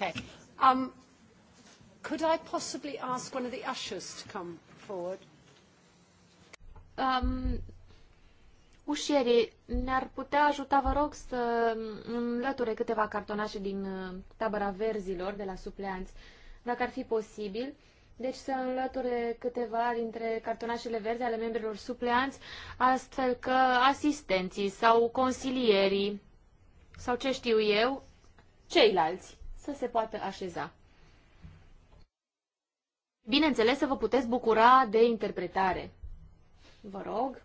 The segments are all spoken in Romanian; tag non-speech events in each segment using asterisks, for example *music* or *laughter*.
Okay. Um, could I possibly ask one of the ushers to come forward? Um, ușierii, ne-ar putea ajuta, vă rog, să înlăture câteva cartonașe din uh, tabăra verzilor de la supleanți, dacă ar fi posibil. Deci să înlăture câteva dintre cartonașele verzi ale membrilor supleanți, astfel că asistenții sau consilierii sau ce știu eu, ceilalți să se poată așeza. Bineînțeles să vă puteți bucura de interpretare. Vă rog.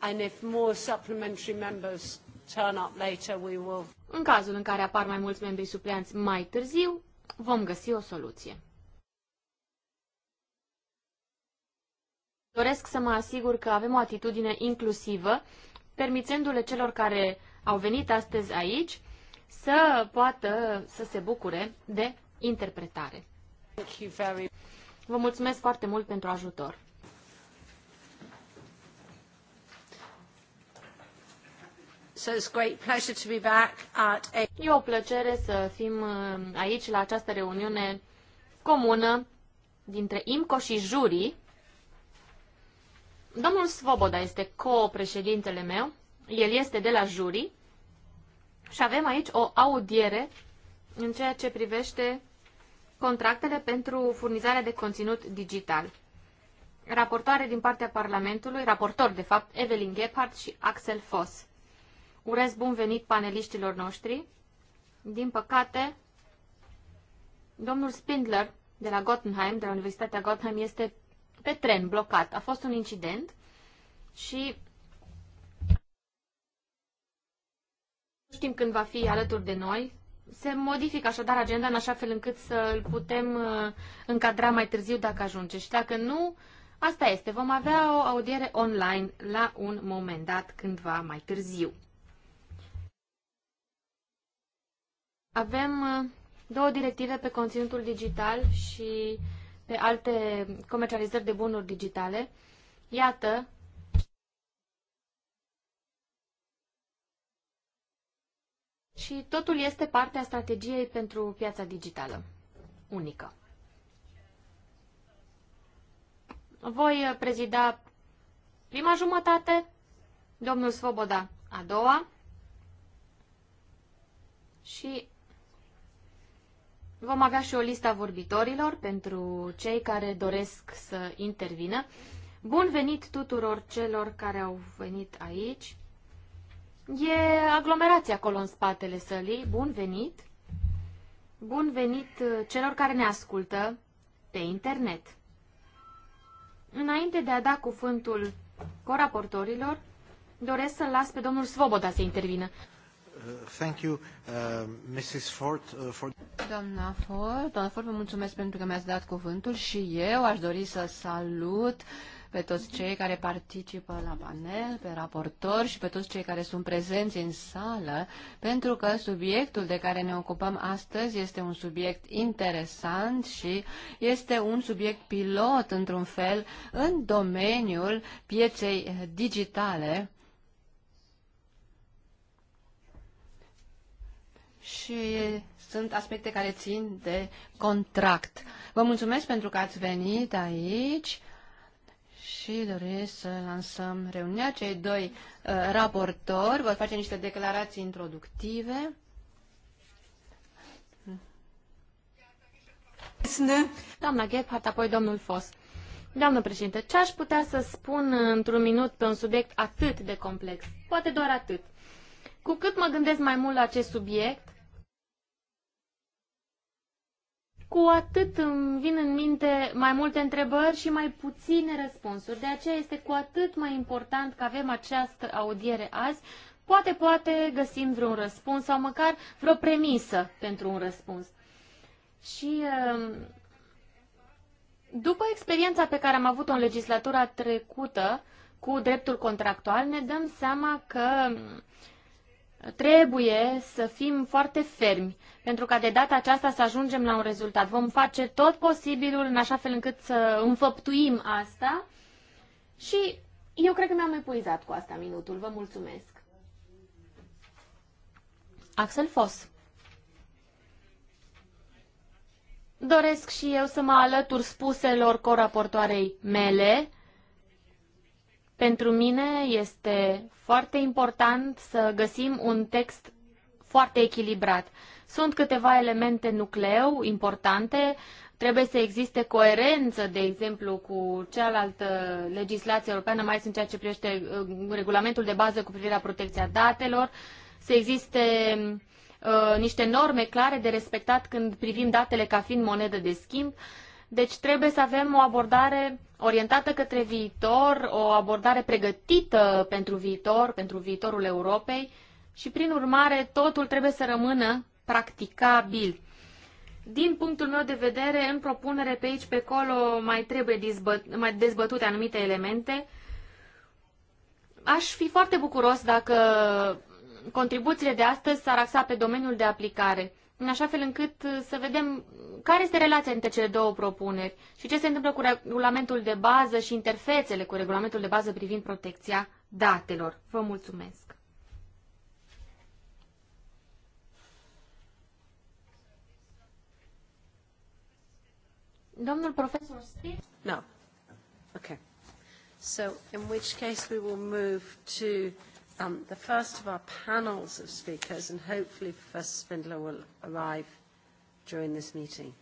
And if more supplementary members turn up later, we will... În cazul în care apar mai mulți membri supleanți mai târziu, vom găsi o soluție. Doresc să mă asigur că avem o atitudine inclusivă, permițându-le celor care au venit astăzi aici să poată să se bucure de interpretare. Vă mulțumesc foarte mult pentru ajutor. So it's great pleasure to be back at a... E o plăcere să fim uh, aici la această reuniune comună dintre IMCO și jurii. Domnul Svoboda este co-președintele meu, el este de la jurii și avem aici o audiere în ceea ce privește contractele pentru furnizarea de conținut digital. Raportoare din partea Parlamentului, raportor de fapt, Evelyn Gephardt și Axel Foss. Urez bun venit paneliștilor noștri. Din păcate, domnul Spindler de la Gottenheim, de la Universitatea Gottenheim, este pe tren blocat. A fost un incident și știm când va fi alături de noi. Se modifică așadar agenda în așa fel încât să îl putem uh, încadra mai târziu dacă ajunge. Și dacă nu, asta este. Vom avea o audiere online la un moment dat, cândva mai târziu. Avem uh, două directive pe conținutul digital și pe alte comercializări de bunuri digitale. Iată, și totul este parte a strategiei pentru piața digitală unică. Voi prezida prima jumătate, domnul Svoboda a doua și vom avea și o listă a vorbitorilor pentru cei care doresc să intervină. Bun venit tuturor celor care au venit aici. E aglomerație acolo în spatele sălii. Bun venit! Bun venit uh, celor care ne ascultă pe internet! Înainte de a da cuvântul coraportorilor, doresc să-l las pe domnul Svoboda să intervină. Uh, thank you, uh, Mrs. Ford, uh, for... Doamna Ford, doamna Ford, vă mulțumesc pentru că mi-ați dat cuvântul și eu aș dori să salut uh, pe toți cei care participă la panel, pe raportori și pe toți cei care sunt prezenți în sală, pentru că subiectul de care ne ocupăm astăzi este un subiect interesant și este un subiect pilot, într-un fel, în domeniul pieței digitale. Și sunt aspecte care țin de contract. Vă mulțumesc pentru că ați venit aici și doresc să lansăm reuniunea. Cei doi uh, raportori vor face niște declarații introductive. Doamna Gephardt, apoi domnul Fos. Doamnă președinte, ce aș putea să spun într-un minut pe un subiect atât de complex? Poate doar atât. Cu cât mă gândesc mai mult la acest subiect, cu atât îmi vin în minte mai multe întrebări și mai puține răspunsuri. De aceea este cu atât mai important că avem această audiere azi. Poate, poate găsim vreun răspuns sau măcar vreo premisă pentru un răspuns. Și um, după experiența pe care am avut-o în legislatura trecută cu dreptul contractual, ne dăm seama că Trebuie să fim foarte fermi, pentru ca de data aceasta să ajungem la un rezultat. Vom face tot posibilul în așa fel încât să înfăptuim asta și eu cred că mi-am epuizat cu asta minutul. Vă mulțumesc. Axel Foss. Doresc și eu să mă alătur spuselor coraportoarei mele. Pentru mine este foarte important să găsim un text foarte echilibrat. Sunt câteva elemente nucleu importante, trebuie să existe coerență, de exemplu, cu cealaltă legislație europeană, mai ales în ceea ce privește uh, regulamentul de bază cu privire la protecția datelor, să existe uh, niște norme clare de respectat când privim datele ca fiind monedă de schimb. Deci trebuie să avem o abordare orientată către viitor, o abordare pregătită pentru viitor, pentru viitorul Europei și, prin urmare, totul trebuie să rămână practicabil. Din punctul meu de vedere, în propunere pe aici, pe acolo, mai trebuie dezbă- mai dezbătute anumite elemente. Aș fi foarte bucuros dacă contribuțiile de astăzi s-ar axa pe domeniul de aplicare în așa fel încât uh, să vedem care este relația între cele două propuneri și ce se întâmplă cu regulamentul de bază și interfețele cu regulamentul de bază privind protecția datelor. Vă mulțumesc! Domnul profesor Spitz? No. Okay. So, in which case we will move to um, the first of our panels of speakers, and hopefully Professor Spindler will arrive during this meeting.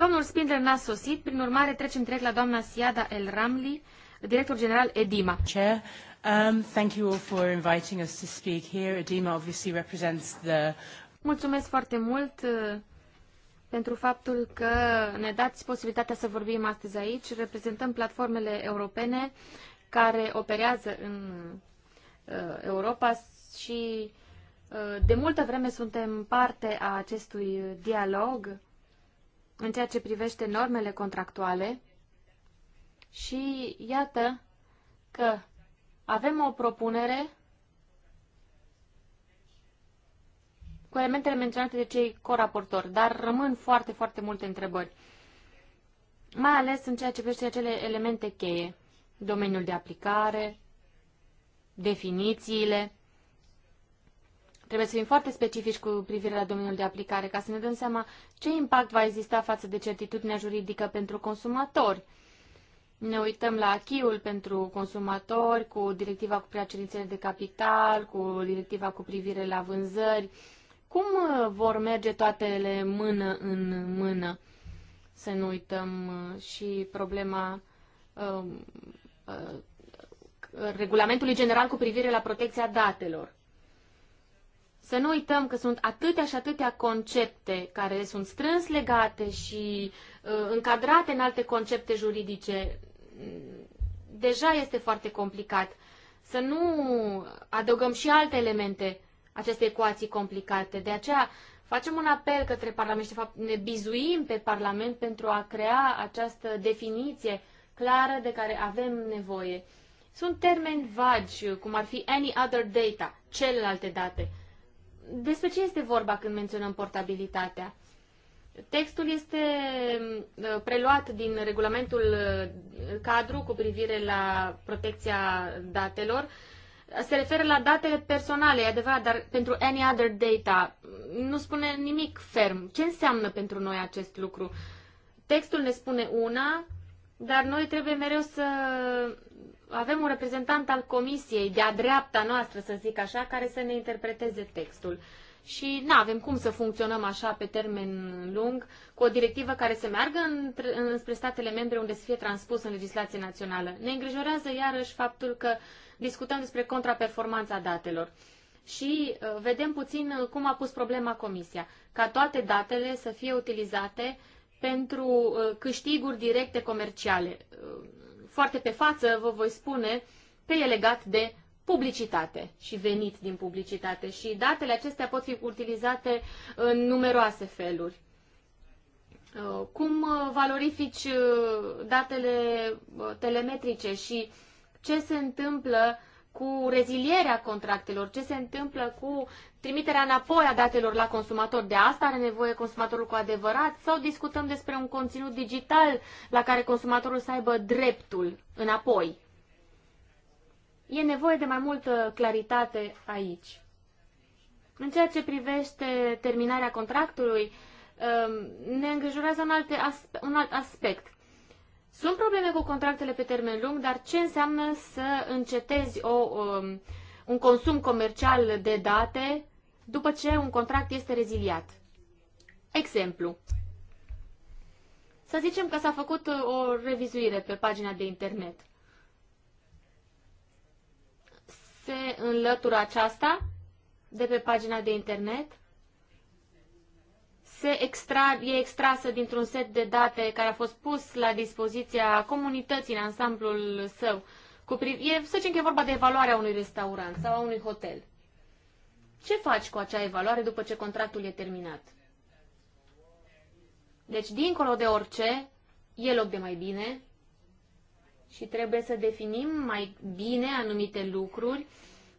Domnul Spindler n-a sosit, prin urmare trecem direct la doamna Siada El Ramli, director general EDIMA. Chair, um, thank you all for inviting us to speak here. EDIMA obviously represents the Mulțumesc foarte mult. Uh, pentru faptul că ne dați posibilitatea să vorbim astăzi aici. Reprezentăm platformele europene care operează în uh, Europa și uh, de multă vreme suntem parte a acestui dialog în ceea ce privește normele contractuale și iată că avem o propunere cu elementele menționate de cei coraportori, dar rămân foarte, foarte multe întrebări, mai ales în ceea ce privește acele elemente cheie, domeniul de aplicare, definițiile. Trebuie să fim foarte specifici cu privire la domeniul de aplicare ca să ne dăm seama ce impact va exista față de certitudinea juridică pentru consumatori. Ne uităm la achiul pentru consumatori, cu directiva cu privire cerințele de capital, cu directiva cu privire la vânzări, cum uh, vor merge toate ele mână în mână? Să nu uităm uh, și problema um, uh, regulamentului general cu privire la protecția datelor. Să nu uităm că sunt atâtea și atâtea concepte care sunt strâns legate și uh, încadrate în alte concepte juridice. Deja este foarte complicat. Să nu adăugăm și alte elemente aceste ecuații complicate. De aceea facem un apel către Parlament și, de fapt, ne bizuim pe Parlament pentru a crea această definiție clară de care avem nevoie. Sunt termeni vagi, cum ar fi any other data, celelalte date. Despre ce este vorba când menționăm portabilitatea? Textul este uh, preluat din regulamentul uh, cadru cu privire la protecția datelor se referă la datele personale, e adevărat, dar pentru any other data nu spune nimic ferm. Ce înseamnă pentru noi acest lucru? Textul ne spune una, dar noi trebuie mereu să avem un reprezentant al comisiei, de-a dreapta noastră, să zic așa, care să ne interpreteze textul. Uh, și nu avem cum să funcționăm așa pe termen lung cu o directivă care să meargă în, înspre statele membre unde să fie transpus în legislație națională. Ne îngrijorează iarăși faptul că discutăm despre contraperformanța datelor și uh, vedem puțin uh, cum a pus problema Comisia, ca toate datele să fie utilizate pentru uh, câștiguri directe comerciale. foarte pe față vă voi spune că e legat de publicitate și venit din publicitate și datele acestea pot fi utilizate în numeroase feluri. Uh, cum uh, valorifici uh, datele telemetrice și ce se întâmplă cu rezilierea contractelor, ce se întâmplă cu trimiterea înapoi a datelor la consumator. De asta are nevoie consumatorul cu adevărat sau discutăm despre un conținut digital la care consumatorul să aibă dreptul înapoi. E nevoie de mai multă claritate aici. În ceea ce privește terminarea contractului, um, ne îngrijorează un, alte aspe- un alt aspect. Sunt probleme cu contractele pe termen lung, dar ce înseamnă să încetezi o, um, un consum comercial de date după ce un contract este reziliat? Exemplu. Să zicem că s-a făcut o revizuire pe pagina de internet. se înlătură aceasta de pe pagina de internet. Se extra, e extrasă dintr-un set de date care a fost pus la dispoziția comunității în ansamblul său. Cu priv- e, să zicem că e vorba de evaluarea unui restaurant sau a unui hotel. Ce faci cu acea evaluare după ce contractul e terminat? Deci, dincolo de orice, e loc de mai bine, și trebuie să definim mai bine anumite lucruri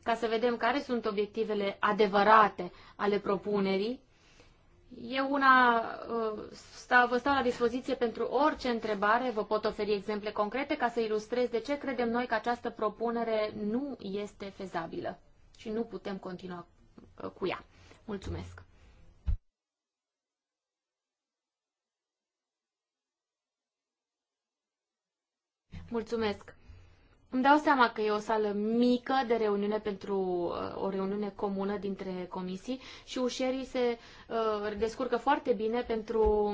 ca să vedem care sunt obiectivele adevărate ale propunerii. Eu una uh, stau, vă stau la dispoziție pentru orice întrebare, vă pot oferi exemple concrete ca să ilustrez de ce credem noi că această propunere nu este fezabilă și nu putem continua uh, cu ea. Mulțumesc! Mulțumesc. Îmi dau seama că e o sală mică de reuniune pentru uh, o reuniune comună dintre comisii și ușierii se uh, descurcă foarte bine pentru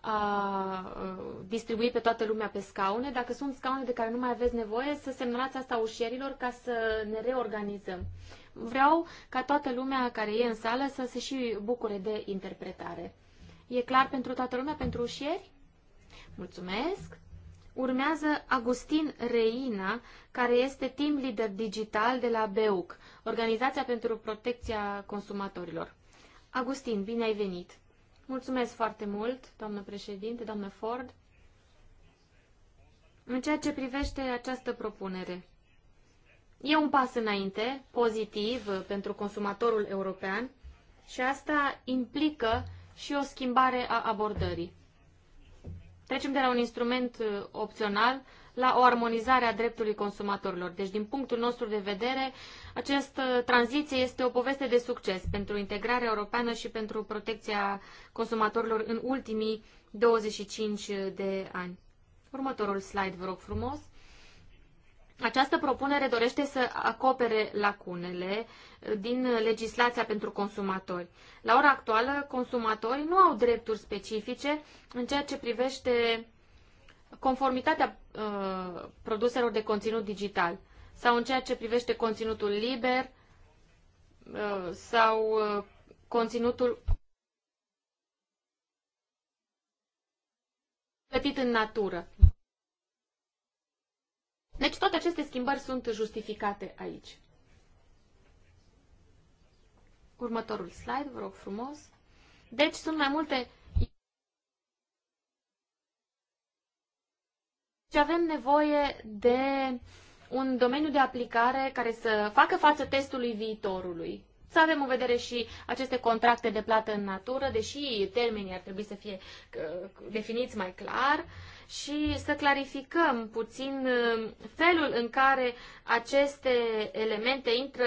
a uh, distribui pe toată lumea pe scaune. Dacă sunt scaune de care nu mai aveți nevoie, să semnați asta ușierilor ca să ne reorganizăm. Vreau ca toată lumea care e în sală să se și bucure de interpretare. E clar pentru toată lumea, pentru ușieri? Mulțumesc! Urmează Agustin Reina, care este team leader digital de la BEUC, Organizația pentru Protecția Consumatorilor. Agustin, bine ai venit! Mulțumesc foarte mult, doamnă președinte, doamnă Ford. În ceea ce privește această propunere, e un pas înainte, pozitiv, uh, pentru consumatorul european și asta implică și o schimbare a abordării. Trecem de la un instrument uh, opțional la o armonizare a dreptului consumatorilor. Deci, din punctul nostru de vedere, această tranziție este o poveste de succes pentru integrarea europeană și pentru protecția consumatorilor în ultimii 25 de ani. Următorul slide, vă rog frumos. Această propunere dorește să acopere lacunele eh, din legislația pentru consumatori. La ora actuală, consumatorii nu au drepturi specifice în ceea ce privește conformitatea uh, produselor de conținut digital sau în ceea ce privește conținutul liber uh, sau uh, conținutul plătit în natură. Deci toate aceste schimbări sunt justificate aici. Următorul slide, vă rog frumos. Deci sunt mai multe... Deci avem nevoie de un domeniu de aplicare care să facă față testului viitorului. Să avem în vedere și aceste contracte de plată în natură, deși termenii ar trebui să fie definiți mai clar. Uh, și să clarificăm puțin uh, felul în care aceste elemente intră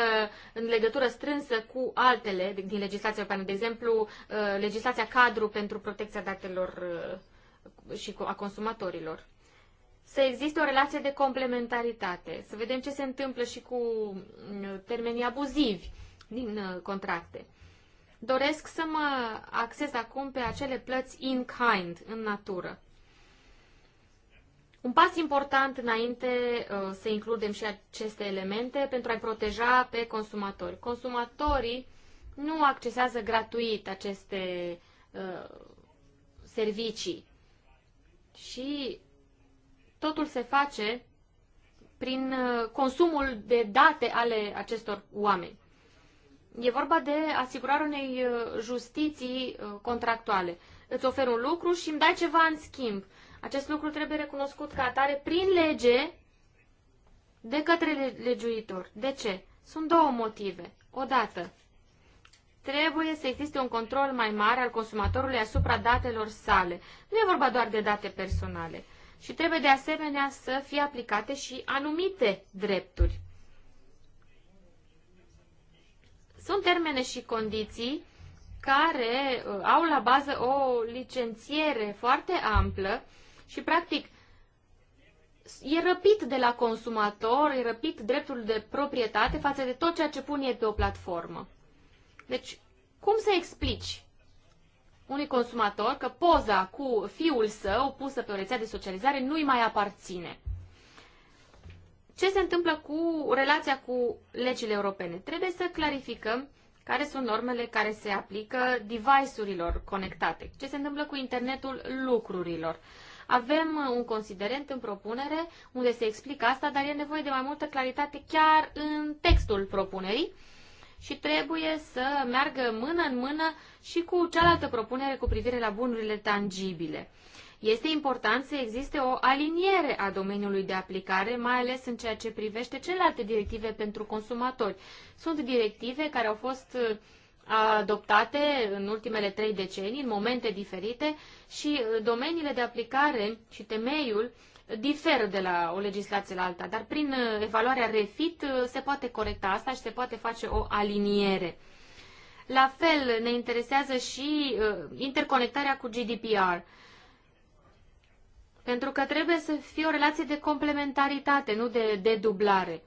în legătură strânsă cu altele din legislația europeană, de exemplu uh, legislația cadru pentru protecția datelor uh, și a consumatorilor. Să existe o relație de complementaritate, să vedem ce se întâmplă și cu mm, termenii abuzivi din contracte. Doresc să mă acces acum pe acele plăți in kind, în natură. Un pas important înainte uh, să includem și aceste elemente pentru a-i proteja pe consumatori. Consumatorii nu accesează gratuit aceste uh, servicii și totul se face prin uh, consumul de date ale acestor oameni. E vorba de asigurarea unei justiții contractuale. Îți ofer un lucru și îmi dai ceva în schimb. Acest lucru trebuie recunoscut ca atare prin lege de către legiuitor. De ce? Sunt două motive. Odată, trebuie să existe un control mai mare al consumatorului asupra datelor sale. Nu e vorba doar de date personale. Și trebuie de asemenea să fie aplicate și anumite drepturi. Sunt termene și condiții care uh, au la bază o licențiere foarte amplă și, practic, e răpit de la consumator, e răpit dreptul de proprietate față de tot ceea ce pun ei pe o platformă. Deci, cum să explici unui consumator că poza cu fiul său pusă pe o rețea de socializare nu-i mai aparține? Ce se întâmplă cu relația cu legile europene? Trebuie să clarificăm care sunt normele care se aplică device-urilor conectate. Ce se întâmplă cu internetul lucrurilor? Avem uh, un considerent în propunere unde se explică asta, dar e nevoie de mai multă claritate chiar în textul propunerii și trebuie să meargă mână în mână și cu cealaltă propunere cu privire la bunurile tangibile. Este important să existe o aliniere a domeniului de aplicare, mai ales în ceea ce privește celelalte directive pentru consumatori. Sunt directive care au fost uh, adoptate în ultimele trei decenii, în momente diferite, și uh, domeniile de aplicare și temeiul diferă de la o legislație la alta, dar prin uh, evaluarea refit uh, se poate corecta asta și se poate face o aliniere. La fel ne interesează și interconectarea cu GDPR. Pentru că trebuie să fie o relație de complementaritate, nu de dublare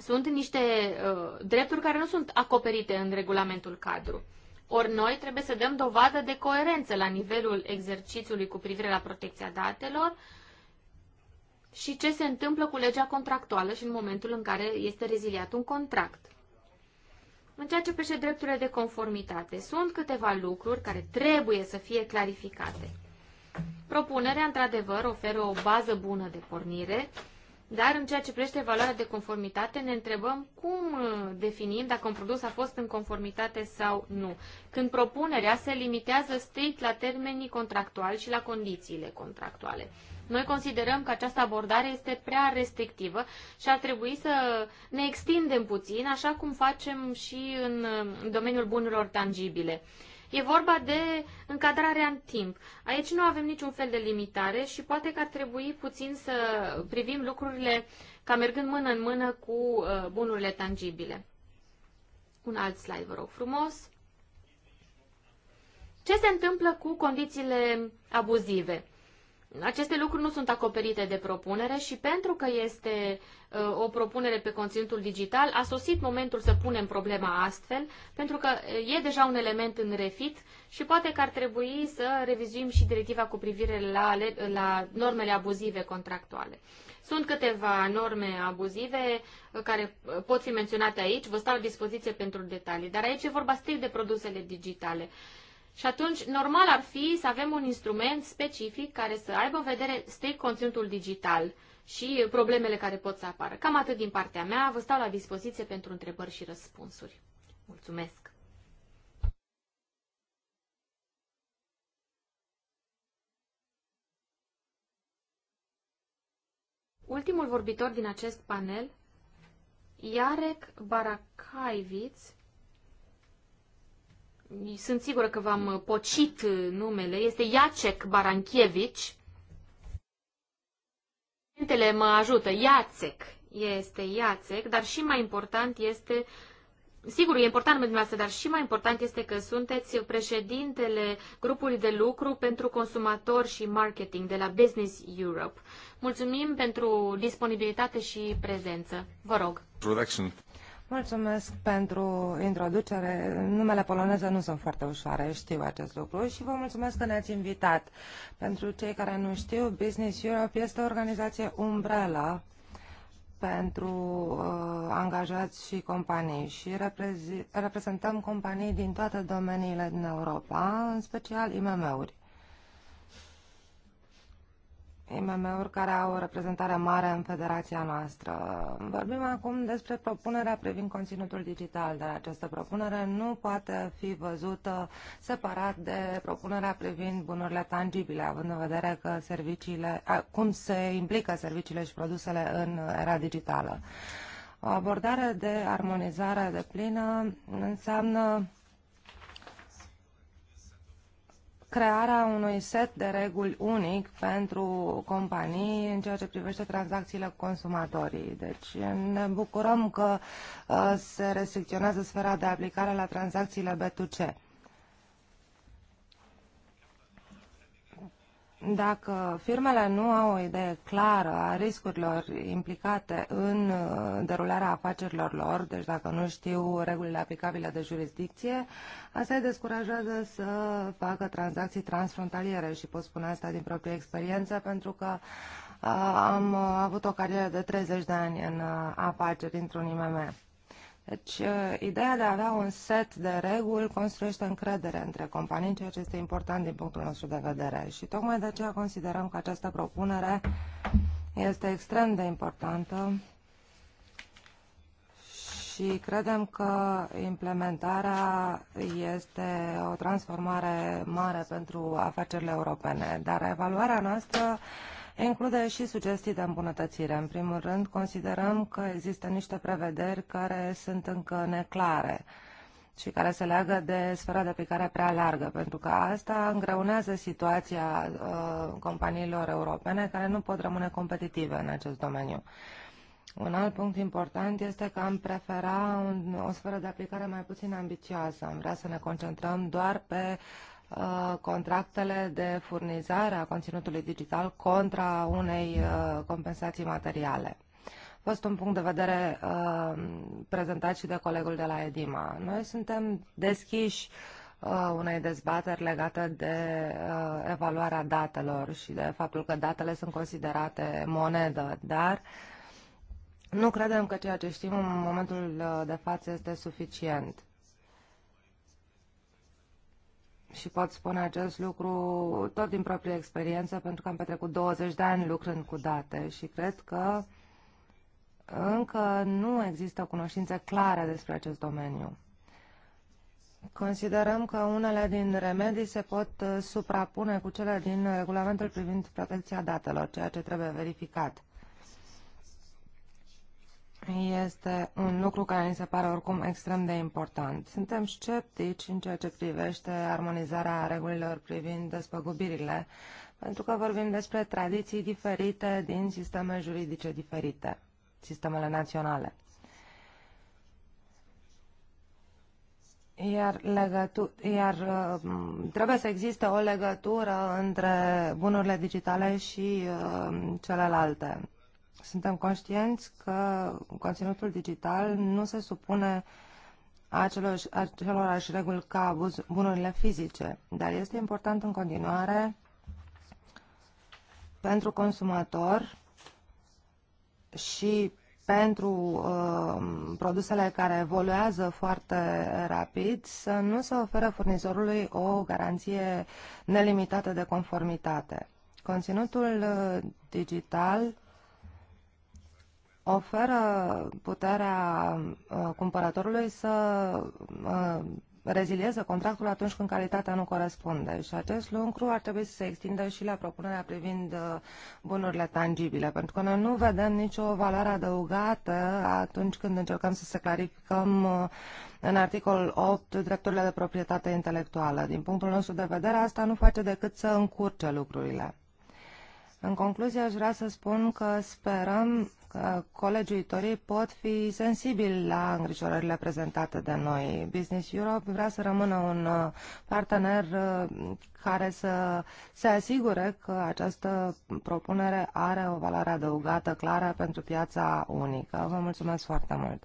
sunt niște uh, drepturi care nu sunt acoperite în regulamentul cadru. Ori noi trebuie să dăm dovadă de coerență la nivelul exercițiului cu privire la protecția datelor și ce se întâmplă cu legea contractuală și în momentul în care este reziliat un contract. În ceea ce privește drepturile de conformitate, sunt câteva lucruri care trebuie să fie clarificate. Propunerea, într-adevăr, oferă o bază bună de pornire, dar în ceea ce privește valoarea de conformitate, ne întrebăm cum uh, definim dacă un produs a fost în conformitate sau nu, când propunerea se limitează strict la termenii contractuali și la condițiile contractuale. Noi considerăm că această abordare este prea restrictivă și ar trebui să ne extindem puțin, așa cum facem și în uh, domeniul bunurilor tangibile. E vorba de încadrarea în timp. Aici nu avem niciun fel de limitare și poate că ar trebui puțin să privim lucrurile ca mergând mână în mână cu uh, bunurile tangibile. Un alt slide, vă rog frumos. Ce se întâmplă cu condițiile abuzive? Aceste lucruri nu sunt acoperite de propunere și pentru că este uh, o propunere pe conținutul digital, a sosit momentul să punem problema astfel, pentru că uh, e deja un element în refit și poate că ar trebui să revizuim și directiva cu privire la, la normele abuzive contractuale. Sunt câteva norme abuzive uh, care pot fi menționate aici, vă stau la dispoziție pentru detalii, dar aici e vorba strict de produsele digitale. Și atunci, normal ar fi să avem un instrument specific care să aibă în vedere strict conținutul digital și problemele care pot să apară. Cam atât din partea mea. Vă stau la dispoziție pentru întrebări și răspunsuri. Mulțumesc! Ultimul vorbitor din acest panel, Iarek Barakaiviț, sunt sigură că v-am pocit numele, este Iacek Baranchievici. Cuvintele mă ajută. Iacek este Iacek, dar și mai important este Sigur, e important pentru dumneavoastră, dar și mai important este că sunteți președintele grupului de lucru pentru consumator și marketing de la Business Europe. Mulțumim pentru disponibilitate și prezență. Vă rog. Production. Mulțumesc pentru introducere. Numele poloneze nu sunt foarte ușoare, știu acest lucru și vă mulțumesc că ne-ați invitat. Pentru cei care nu știu, Business Europe este o organizație umbrelă pentru uh, angajați și companii și reprezentăm companii din toate domeniile din Europa, în special IMM-uri. IMM-uri care au o reprezentare mare în federația noastră. Vorbim acum despre propunerea privind conținutul digital, dar această propunere nu poate fi văzută separat de propunerea privind bunurile tangibile, având în vedere că serviciile, cum se implică serviciile și produsele în era digitală. O abordare de armonizare de plină înseamnă crearea unui set de reguli unic pentru companii în ceea ce privește tranzacțiile cu consumatorii. Deci ne bucurăm că uh, se restricționează sfera de aplicare la tranzacțiile B2C. Dacă firmele nu au o idee clară a riscurilor implicate în uh, derularea afacerilor lor, deci dacă nu știu regulile aplicabile de jurisdicție, asta îi descurajează să facă tranzacții transfrontaliere și pot spune asta din proprie experiență pentru că uh, am uh, avut o carieră de 30 de ani în afaceri într-un IMM. Deci, uh, ideea de a avea un set de reguli construiește încredere între companii, ceea ce este important din punctul nostru de vedere. Și tocmai de aceea considerăm că această propunere este extrem de importantă și credem că implementarea este o transformare mare pentru afacerile europene. Dar evaluarea noastră include și sugestii de îmbunătățire. În primul rând, considerăm că există niște prevederi care sunt încă neclare și care se leagă de sfera de aplicare prea largă, pentru că asta îngreunează situația uh, companiilor europene care nu pot rămâne competitive în acest domeniu. Un alt punct important este că am prefera un, o sferă de aplicare mai puțin ambițioasă. Am vrea să ne concentrăm doar pe Uh, contractele de furnizare a conținutului digital contra unei uh, compensații materiale. A fost un punct de vedere uh, prezentat și de colegul de la Edima. Noi suntem deschiși uh, unei dezbateri legate de uh, evaluarea datelor și de faptul că datele sunt considerate monedă, dar nu credem că ceea ce știm în momentul uh, de față este suficient și pot spune acest lucru tot din proprie experiență, pentru că am petrecut 20 de ani lucrând cu date și cred că încă nu există o cunoștință clară despre acest domeniu. Considerăm că unele din remedii se pot uh, suprapune cu cele din regulamentul privind protecția datelor, ceea ce trebuie verificat este un lucru care mi se pare oricum extrem de important. Suntem sceptici în ceea ce privește armonizarea regulilor privind despăgubirile, pentru că vorbim despre tradiții diferite din sisteme juridice diferite, sistemele naționale. Iar, legătu- iar uh, trebuie să existe o legătură între bunurile digitale și uh, celelalte suntem conștienți că conținutul digital nu se supune acelor, acelorași reguli ca bunurile fizice, dar este important în continuare pentru consumator și pentru uh, produsele care evoluează foarte rapid să nu se oferă furnizorului o garanție nelimitată de conformitate. Conținutul uh, digital oferă puterea uh, cumpărătorului să uh, rezilieze contractul atunci când calitatea nu corespunde. Și acest lucru ar trebui să se extindă și la propunerea privind uh, bunurile tangibile, pentru că noi nu vedem nicio valoare adăugată atunci când încercăm să se clarificăm în articol 8 drepturile de proprietate intelectuală. Din punctul nostru de vedere, asta nu face decât să încurce lucrurile. În concluzie, aș vrea să spun că sperăm colegii Itorii pot fi sensibili la îngrijorările prezentate de noi. Business Europe vrea să rămână un uh, partener uh, care să se asigure că această propunere are o valoare adăugată clară pentru piața unică. Vă mulțumesc foarte mult!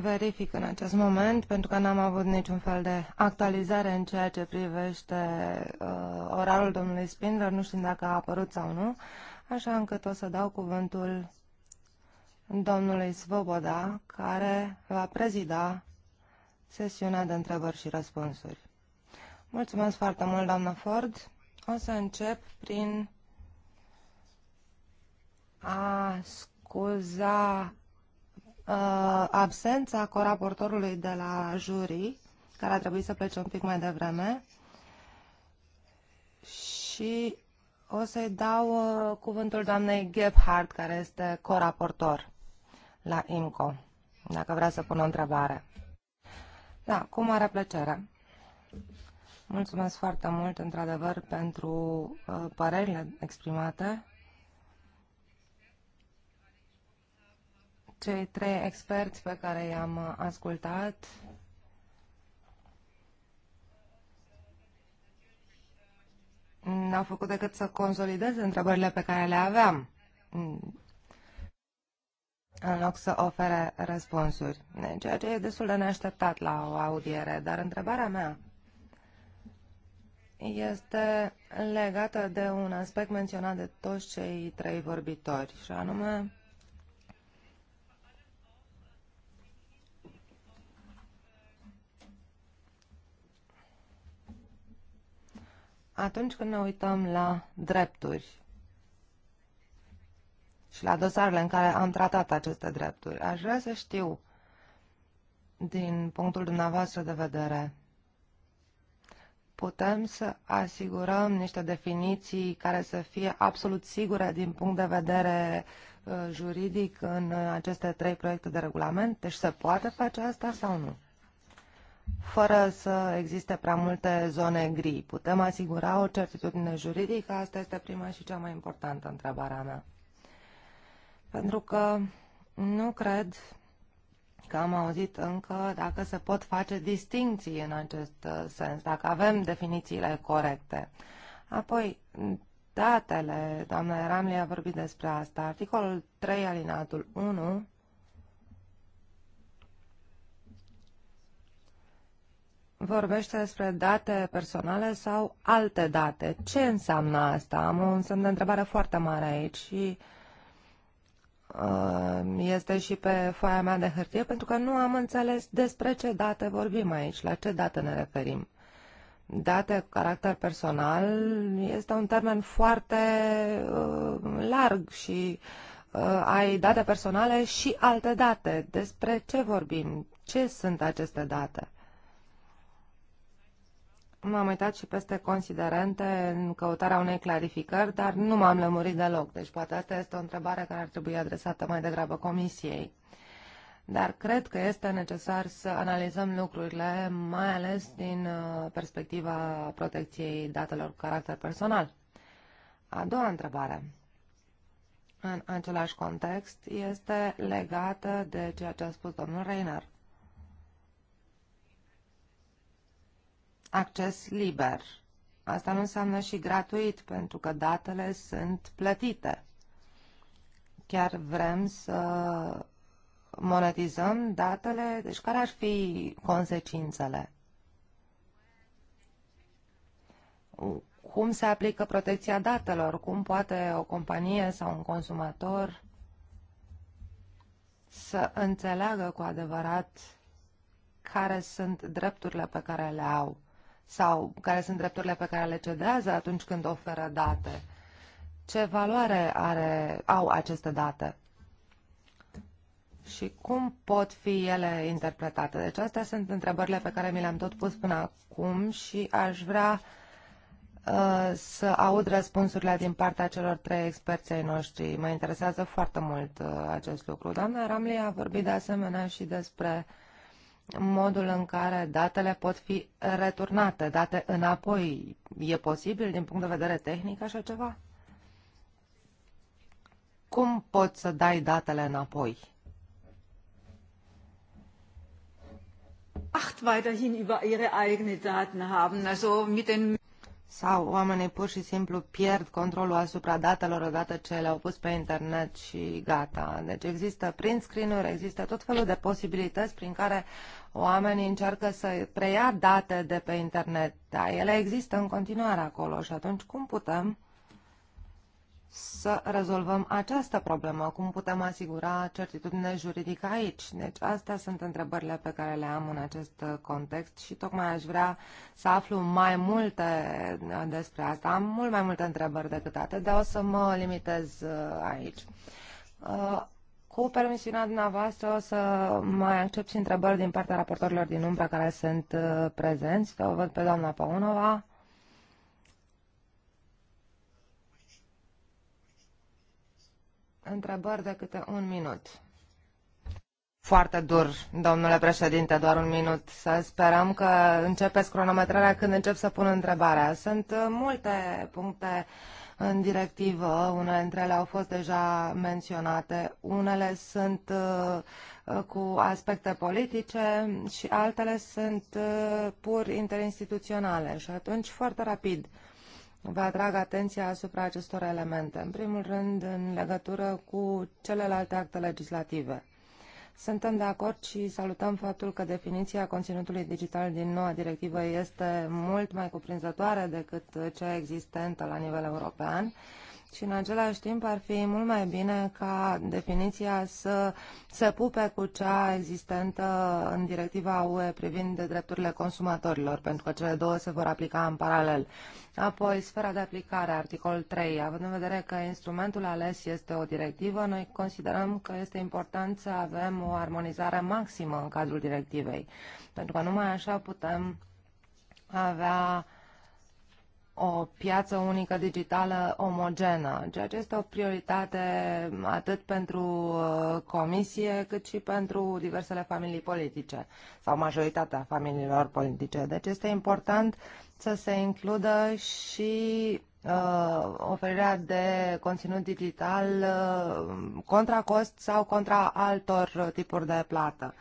verific în acest moment, pentru că n-am avut niciun fel de actualizare în ceea ce privește uh, orarul domnului Spindler, nu știu dacă a apărut sau nu, așa încât o să dau cuvântul domnului Svoboda, care va prezida sesiunea de întrebări și răspunsuri. Mulțumesc foarte mult, doamna Ford. O să încep prin a scuza uh, absența coraportorului de la jurii, care a trebuit să plece un pic mai devreme, și o să-i dau uh, cuvântul doamnei Gebhardt, care este coraportor la IMCO, dacă vrea să pună o întrebare. Da, cu mare plăcere. Mulțumesc foarte mult, într-adevăr, pentru uh, părerile exprimate. cei trei experți pe care i-am ascultat. N-au făcut decât să consolideze întrebările pe care le aveam în loc să ofere răspunsuri, deci, ceea ce e destul de neașteptat la o audiere. Dar întrebarea mea este legată de un aspect menționat de toți cei trei vorbitori, și anume atunci când ne uităm la drepturi și la dosarele în care am tratat aceste drepturi, aș vrea să știu, din punctul dumneavoastră de vedere, putem să asigurăm niște definiții care să fie absolut sigure din punct de vedere uh, juridic în uh, aceste trei proiecte de regulament? Deci se poate face asta sau nu? fără să existe prea multe zone gri. Putem asigura o certitudine juridică? Asta este prima și cea mai importantă a mea. Pentru că nu cred că am auzit încă dacă se pot face distinții în acest uh, sens, dacă avem definițiile corecte. Apoi, datele, doamna Ramli a vorbit despre asta, articolul 3 alinatul 1 vorbește despre date personale sau alte date. Ce înseamnă asta? Am un semn de întrebare foarte mare aici și uh, este și pe foaia mea de hârtie pentru că nu am înțeles despre ce date vorbim aici, la ce date ne referim. Date cu caracter personal este un termen foarte uh, larg și uh, ai date personale și alte date. Despre ce vorbim? Ce sunt aceste date? M-am uitat și peste considerente în căutarea unei clarificări, dar nu m-am lămurit deloc. Deci poate asta este o întrebare care ar trebui adresată mai degrabă Comisiei. Dar cred că este necesar să analizăm lucrurile, mai ales din uh, perspectiva protecției datelor cu caracter personal. A doua întrebare în același context este legată de ceea ce a spus domnul Reiner. acces liber. Asta nu înseamnă și gratuit, pentru că datele sunt plătite. Chiar vrem să monetizăm datele, deci care ar fi consecințele? Cum se aplică protecția datelor? Cum poate o companie sau un consumator să înțeleagă cu adevărat care sunt drepturile pe care le au? sau care sunt drepturile pe care le cedează atunci când oferă date. Ce valoare are, au aceste date? Și cum pot fi ele interpretate? Deci astea sunt întrebările pe care mi le-am tot pus până acum și aș vrea uh, să aud răspunsurile din partea celor trei experți ai noștri. Mă interesează foarte mult uh, acest lucru. Doamna Ramli a vorbit de asemenea și despre uh, modul în care datele pot fi returnate, date înapoi. E posibil din punct de vedere tehnic așa ceva? Cum poți să dai datele înapoi? Acht weiterhin über ihre eigenen Daten haben, also mit den sau oamenii pur și simplu pierd controlul asupra datelor odată ce le-au pus pe internet și gata. Deci există print screen-uri, există tot felul de posibilități prin care oamenii încearcă să preia date de pe internet, dar ele există în continuare acolo și atunci cum putem să rezolvăm această problemă, cum putem asigura certitudine juridică aici. Deci astea sunt întrebările pe care le am în acest context și tocmai aș vrea să aflu mai multe despre asta. Am mult mai multe întrebări decât atât, dar o să mă limitez uh, aici. Uh, cu permisiunea dumneavoastră o să mai accept și întrebări din partea raportorilor din umbră care sunt uh, prezenți. O văd pe doamna Paunova întrebări de câte un minut. Foarte dur, domnule președinte, doar un minut. Să sperăm că începeți cronometrarea când încep să pun întrebarea. Sunt multe puncte în directivă, unele dintre ele au fost deja menționate, unele sunt uh, cu aspecte politice și altele sunt uh, pur interinstituționale. Și atunci, foarte rapid, vă atrag atenția asupra acestor elemente. În primul rând, în legătură cu celelalte acte legislative. Suntem de acord și salutăm faptul că definiția conținutului digital din noua directivă este mult mai cuprinzătoare decât cea existentă la nivel european și în același timp ar fi mult mai bine ca definiția să se pupe cu cea existentă în directiva UE privind de drepturile consumatorilor, pentru că cele două se vor aplica în paralel. Apoi, sfera de aplicare, articol 3. Având în vedere că instrumentul ales este o directivă, noi considerăm că este important să avem o armonizare maximă în cadrul directivei, pentru că numai așa putem avea o piață unică digitală omogenă, ceea ce este o prioritate atât pentru uh, comisie cât și pentru diversele familii politice sau majoritatea familiilor politice. Deci este important să se includă și uh, oferirea de conținut digital uh, contra cost sau contra altor tipuri de plată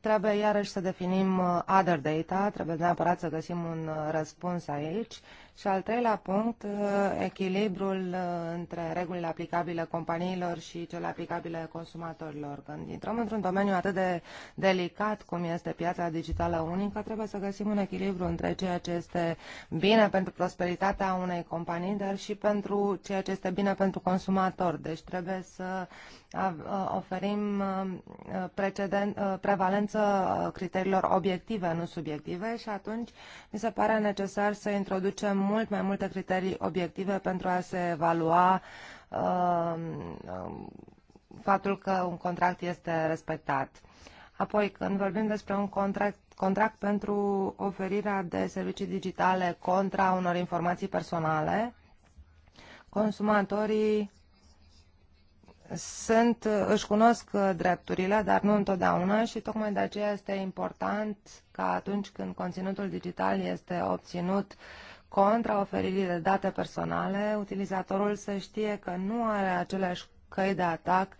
trebuie iarăși să definim uh, other data, trebuie neapărat să găsim un uh, răspuns aici și al treilea punct, uh, echilibrul uh, între regulile aplicabile companiilor și cele aplicabile consumatorilor. Când intrăm într-un domeniu atât de delicat cum este piața digitală unică, trebuie să găsim un echilibru între ceea ce este bine pentru prosperitatea unei companii, dar și pentru ceea ce este bine pentru consumator. Deci trebuie să uh, oferim precedent, prevalență criteriilor obiective, nu subiective și atunci mi se pare necesar să introducem mult mai multe criterii obiective pentru a se evalua um, um, faptul că un contract este respectat. Apoi, când vorbim despre un contract, contract pentru oferirea de servicii digitale contra unor informații personale, consumatorii sunt, își cunosc drepturile, dar nu întotdeauna și tocmai de aceea este important ca atunci când conținutul digital este obținut uh, contra oferirii de date personale, utilizatorul să știe că nu are aceleași căi de atac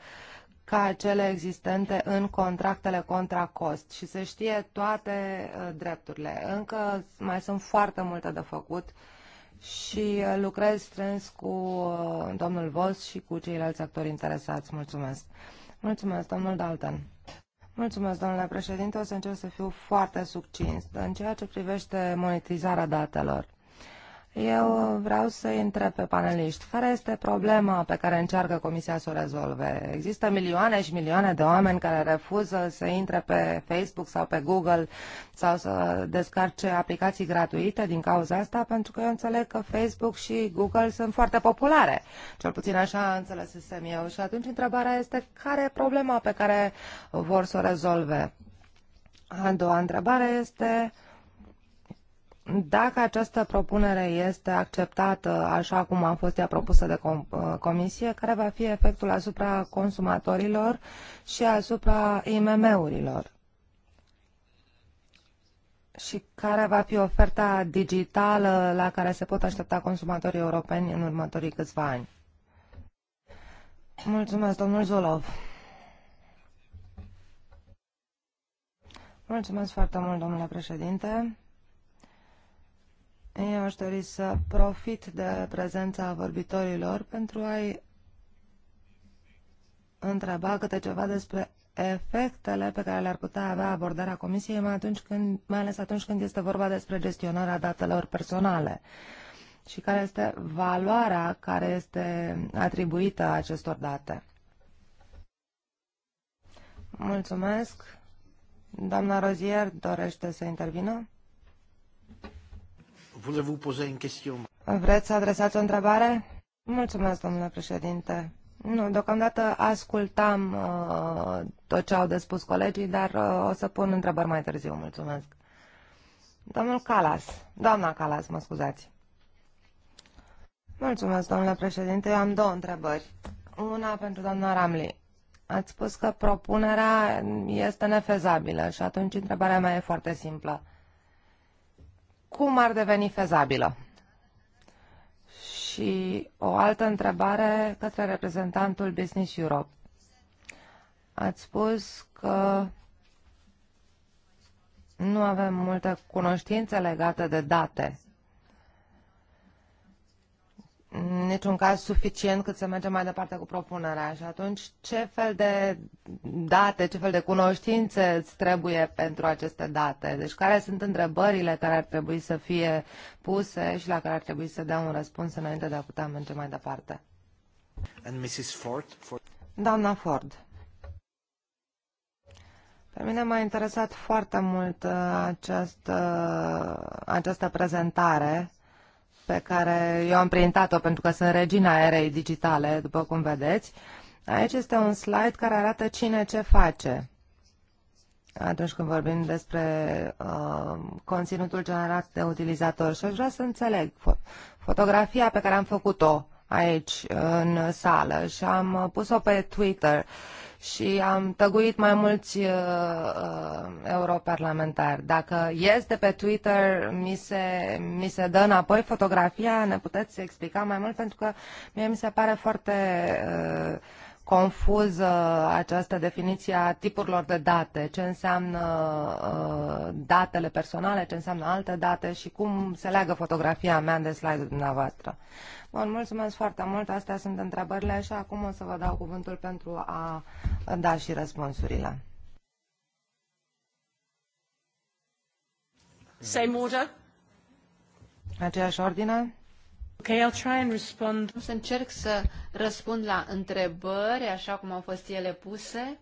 ca cele existente în contractele contra cost și să știe toate uh, drepturile. Încă mai sunt foarte multe de făcut și uh, lucrez strâns cu uh, domnul Vos și cu ceilalți actori interesați. Mulțumesc. Mulțumesc, domnul Dalton. Mulțumesc, domnule președinte. O să încerc să fiu foarte succint. În ceea ce privește monetizarea datelor, eu vreau să-i întreb pe paneliști, care este problema pe care încearcă Comisia să o rezolve? Există milioane și milioane de oameni care refuză să intre pe Facebook sau pe Google sau să descarce aplicații gratuite din cauza asta, pentru că eu înțeleg că Facebook și Google sunt foarte populare. Cel puțin așa înțelesem eu. Și atunci întrebarea este, care e problema pe care vor să o rezolve? A doua întrebare este dacă această propunere este acceptată așa cum a fost ea propusă de uh, comisie, care va fi efectul asupra consumatorilor și asupra IMM-urilor? Și care va fi oferta digitală la care se pot aștepta consumatorii europeni în următorii câțiva ani? Mulțumesc, domnul Zolov. Mulțumesc foarte mult, domnule președinte. Eu aș dori să profit de prezența vorbitorilor pentru a-i întreba câte ceva despre efectele pe care le-ar putea avea abordarea Comisiei, mai, atunci când, mai ales atunci când este vorba despre gestionarea datelor personale și care este valoarea care este atribuită acestor date. Mulțumesc. Doamna Rozier dorește să intervină? Vreți să adresați o întrebare? Mulțumesc, domnule președinte. Nu, deocamdată ascultam uh, tot ce au de spus colegii, dar uh, o să pun întrebări mai târziu. Mulțumesc. Domnul Calas, doamna Calas, mă scuzați. Mulțumesc, domnule președinte. Eu am două întrebări. Una pentru doamna Ramli. Ați spus că propunerea este nefezabilă și atunci întrebarea mea e foarte simplă cum ar deveni fezabilă? Și o altă întrebare către reprezentantul Business Europe. Ați spus că nu avem multe cunoștințe legate de date în niciun caz suficient cât să mergem mai departe cu propunerea. Și atunci, ce fel de date, ce fel de cunoștințe îți trebuie pentru aceste date? Deci, care sunt întrebările care ar trebui să fie puse și la care ar trebui să dea un răspuns înainte de a putea merge mai departe? And Mrs. Ford, for... Doamna Ford. Pe mine m-a interesat foarte mult uh, această, uh, această prezentare pe care eu am printat-o pentru că sunt regina erei digitale, după cum vedeți. Aici este un slide care arată cine ce face atunci când vorbim despre uh, conținutul generat de utilizator. Și aș vrea să înțeleg fotografia pe care am făcut-o aici în sală și am uh, pus-o pe Twitter și am tăguit mai mulți uh, uh, europarlamentari. Dacă este de pe Twitter, mi se, mi se dă înapoi fotografia, ne puteți explica mai mult, pentru că mie mi se pare foarte uh, confuză această definiție a tipurilor de date, ce înseamnă uh, datele personale, ce înseamnă alte date și cum se leagă fotografia mea de slide-ul dumneavoastră. Bun, mulțumesc foarte mult, astea sunt întrebările și acum o să vă dau cuvântul pentru a da și răspunsurile. Same order? Aceeași ordine? Okay, I'll try and respond. să încerc să răspund la întrebări, așa cum au fost ele puse.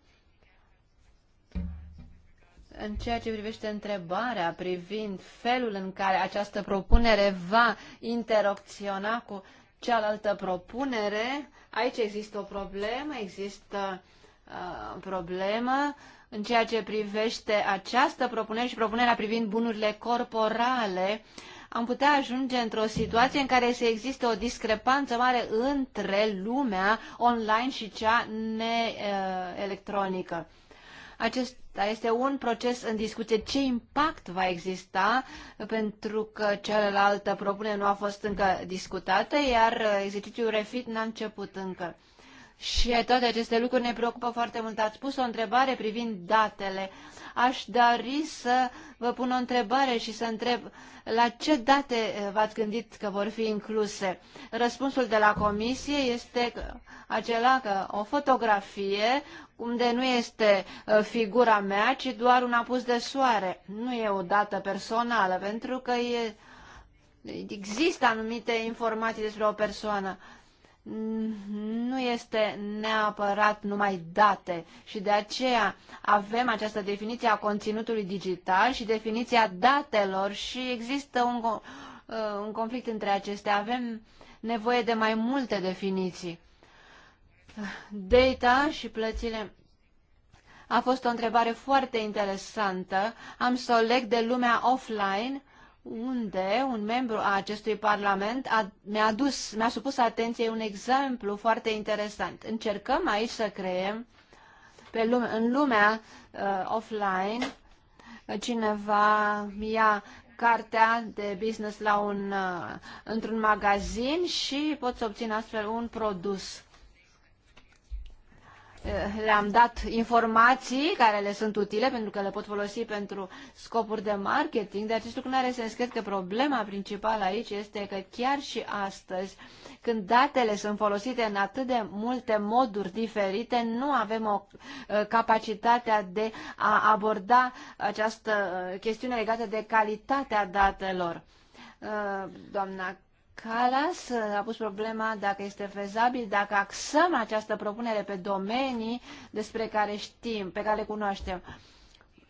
În ceea ce privește întrebarea privind felul în care această propunere va interacționa cu cealaltă propunere, aici există o problemă, există uh, problemă în ceea ce privește această propunere și propunerea privind bunurile corporale. Uh, am putea ajunge într-o situație în care să existe o discrepanță mare între lumea online și cea neelectronică. Acesta este un proces în discuție. Ce impact va exista? Pentru că celălaltă propunere nu a fost încă discutată, iar exercițiul refit n-a început încă și toate aceste lucruri ne preocupă foarte mult. Ați pus o întrebare privind datele. Aș dori să vă pun o întrebare și să întreb la ce date eh, v-ați gândit că vor fi incluse. Răspunsul de la comisie este acela că o fotografie, unde nu este eh, figura mea, ci doar un apus de soare. Nu e o dată personală, pentru că e, există anumite informații despre o persoană nu este neapărat numai date și de aceea avem această definiție a conținutului digital și definiția datelor și există un, uh, un conflict între acestea. Avem nevoie de mai multe definiții. Data și plățile a fost o întrebare foarte interesantă. Am să o leg de lumea offline unde un membru a acestui parlament a, mi-a, dus, mi-a supus atenție un exemplu foarte interesant. Încercăm aici să creăm pe lume, în lumea uh, offline uh, cineva ia cartea de business la un, uh, într-un magazin și poți obține astfel un produs le-am dat informații care le sunt utile pentru că le pot folosi pentru scopuri de marketing, dar acest lucru nu are sens. Cred că problema principală aici este că chiar și astăzi, când datele sunt folosite în atât de multe moduri diferite, nu avem o uh, capacitatea de a aborda această uh, chestiune legată de calitatea datelor. Uh, doamna Calas a pus problema dacă este fezabil, dacă axăm această propunere pe domenii despre care știm, pe care le cunoaștem.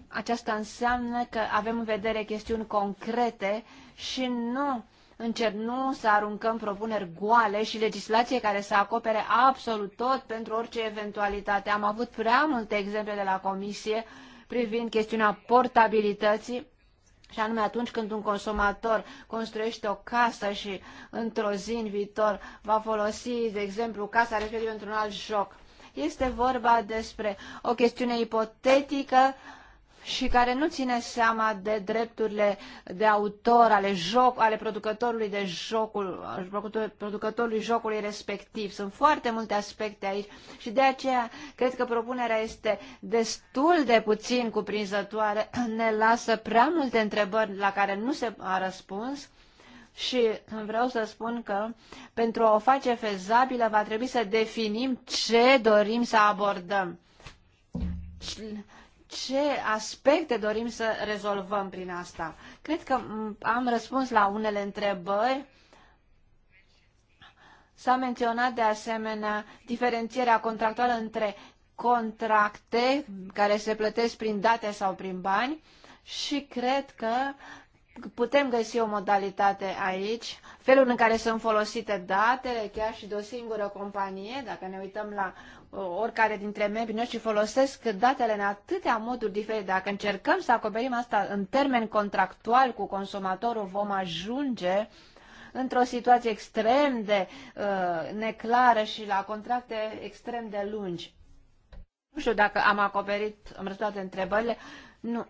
Aceasta înseamnă că avem în vedere chestiuni concrete și nu încerc nu să aruncăm propuneri goale și legislație care să acopere absolut tot pentru orice eventualitate. Am avut prea multe exemple de la Comisie privind chestiunea portabilității și anume atunci când un consumator construiește o casă și într-o zi în viitor va folosi, de exemplu, casa respectivă într-un alt joc. Este vorba despre o chestiune ipotetică și care nu ține seama de drepturile de autor ale, joc, ale producătorului de jocul, producătorului jocului respectiv. Sunt foarte multe aspecte aici și de aceea cred că propunerea este destul de puțin cuprinzătoare, *clears throat* ne lasă prea multe întrebări la care nu se a răspuns. Și vreau să spun că pentru a o face fezabilă va trebui să definim ce dorim să abordăm ce aspecte dorim să rezolvăm prin asta. Cred că am răspuns la unele întrebări. S-a menționat de asemenea diferențierea contractuală între contracte care se plătesc prin date sau prin bani și cred că putem găsi o modalitate aici, felul în care sunt folosite datele, chiar și de o singură companie, dacă ne uităm la Uh, oricare dintre membrii noștri folosesc datele în atâtea moduri diferite. Dacă încercăm să acoperim asta în termen contractual cu consumatorul, vom ajunge într-o situație extrem de uh, neclară și la contracte extrem de lungi. Nu știu dacă am acoperit, am răspuns toate întrebările. Nu.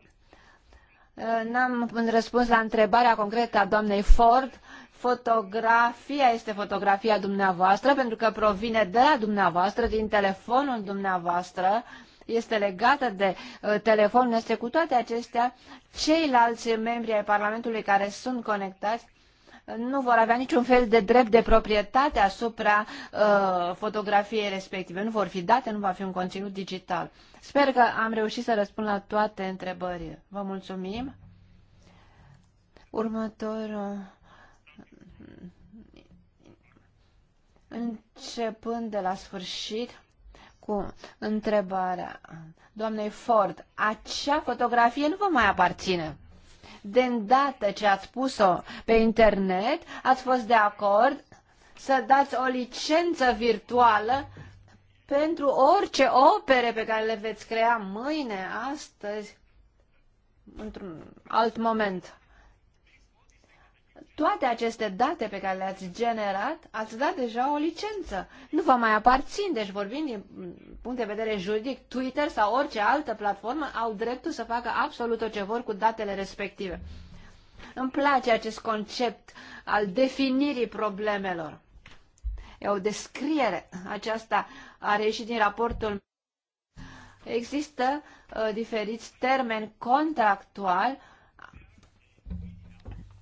Uh, N-am răspuns la întrebarea concretă a doamnei Ford fotografia este fotografia dumneavoastră, pentru că provine de la dumneavoastră, din telefonul dumneavoastră, este legată de uh, telefonul este cu toate acestea, ceilalți membri ai Parlamentului care sunt conectați uh, nu vor avea niciun fel de drept de proprietate asupra uh, fotografiei respective. Nu vor fi date, nu va fi un conținut digital. Sper că am reușit să răspund la toate întrebările. Vă mulțumim. Următorul Începând de la sfârșit cu întrebarea doamnei Ford, acea fotografie nu vă mai aparține. De îndată ce ați pus-o pe internet, ați fost de acord să dați o licență virtuală pentru orice opere pe care le veți crea mâine, astăzi, într-un alt moment toate aceste date pe care le-ați generat, ați dat deja o licență. Nu vă mai aparțin, deci vorbind din punct de vedere juridic, Twitter sau orice altă platformă au dreptul să facă absolut tot ce vor cu datele respective. Îmi place acest concept al definirii problemelor. E o descriere. Aceasta are ieșit din raportul Există uh, diferiți termeni contractuali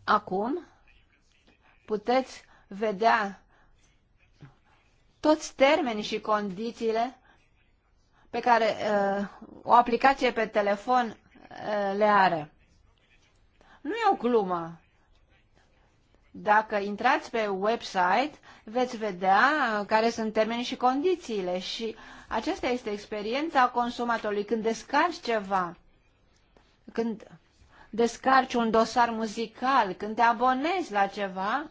acum puteți vedea toți termenii și condițiile pe care uh, o aplicație pe telefon uh, le are. Nu e o glumă. Dacă intrați pe website, veți vedea uh, care sunt termenii și condițiile și aceasta este experiența consumatorului. Când descarci ceva, când descarci un dosar muzical, când te abonezi la ceva,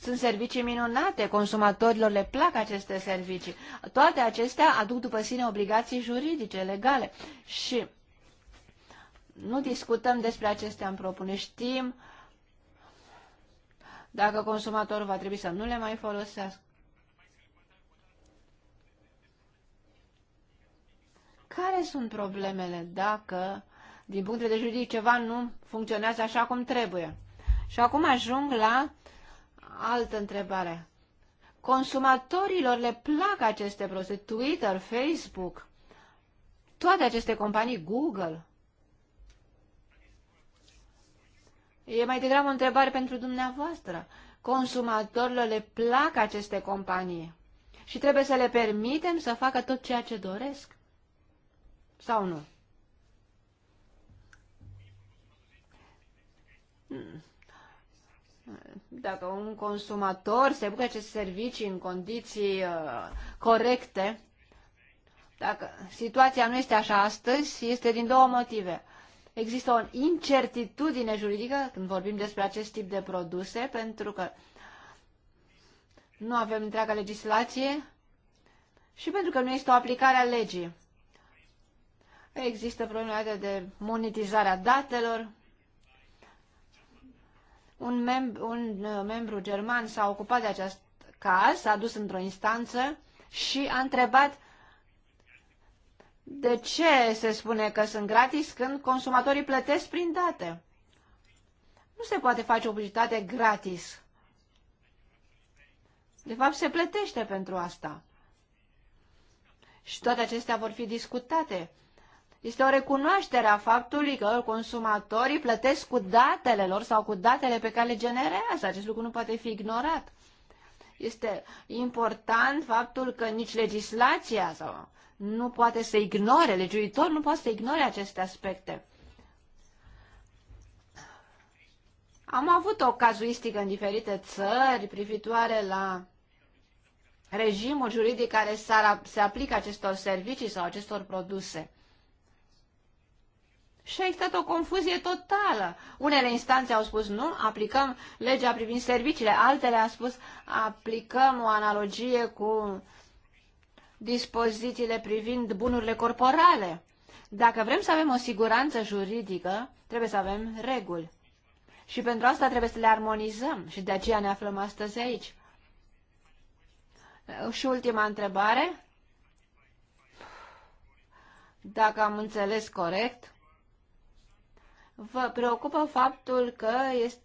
sunt servicii minunate, consumatorilor le plac aceste servicii. Toate acestea aduc după sine obligații juridice, legale. Și nu discutăm despre acestea în propune. Știm dacă consumatorul va trebui să nu le mai folosească. Care sunt problemele dacă, din punct de vedere juridic, ceva nu funcționează așa cum trebuie? Și acum ajung la altă întrebare. Consumatorilor le plac aceste produse. Twitter, Facebook, toate aceste companii, Google. E mai degrabă o întrebare pentru dumneavoastră. Consumatorilor le plac aceste companii și trebuie să le permitem să facă tot ceea ce doresc. Sau nu? dacă un consumator se bucură aceste servicii în condiții uh, corecte, dacă situația nu este așa astăzi, este din două motive. Există o incertitudine juridică când vorbim despre acest tip de produse, pentru că nu avem întreaga legislație și pentru că nu este o aplicare a legii. Există probleme de monetizarea datelor, un, mem- un uh, membru german s-a ocupat de acest caz, s-a dus într-o instanță și a întrebat de ce se spune că sunt gratis când consumatorii plătesc prin date. Nu se poate face o publicitate gratis. De fapt, se plătește pentru asta. Și toate acestea vor fi discutate este o recunoaștere a faptului că consumatorii plătesc cu datele lor sau cu datele pe care le generează. Acest lucru nu poate fi ignorat. Este important faptul că nici legislația sau nu poate să ignore, legiuitorul nu poate să ignore aceste aspecte. Am avut o cazuistică în diferite țări privitoare la regimul juridic care se aplică acestor servicii sau acestor produse și a existat o confuzie totală. Unele instanțe au spus nu, aplicăm legea privind serviciile, altele au spus aplicăm o analogie cu dispozițiile privind bunurile corporale. Dacă vrem să avem o siguranță juridică, trebuie să avem reguli. Și pentru asta trebuie să le armonizăm și de aceea ne aflăm astăzi aici. Și ultima întrebare. Dacă am înțeles corect, vă preocupă faptul că este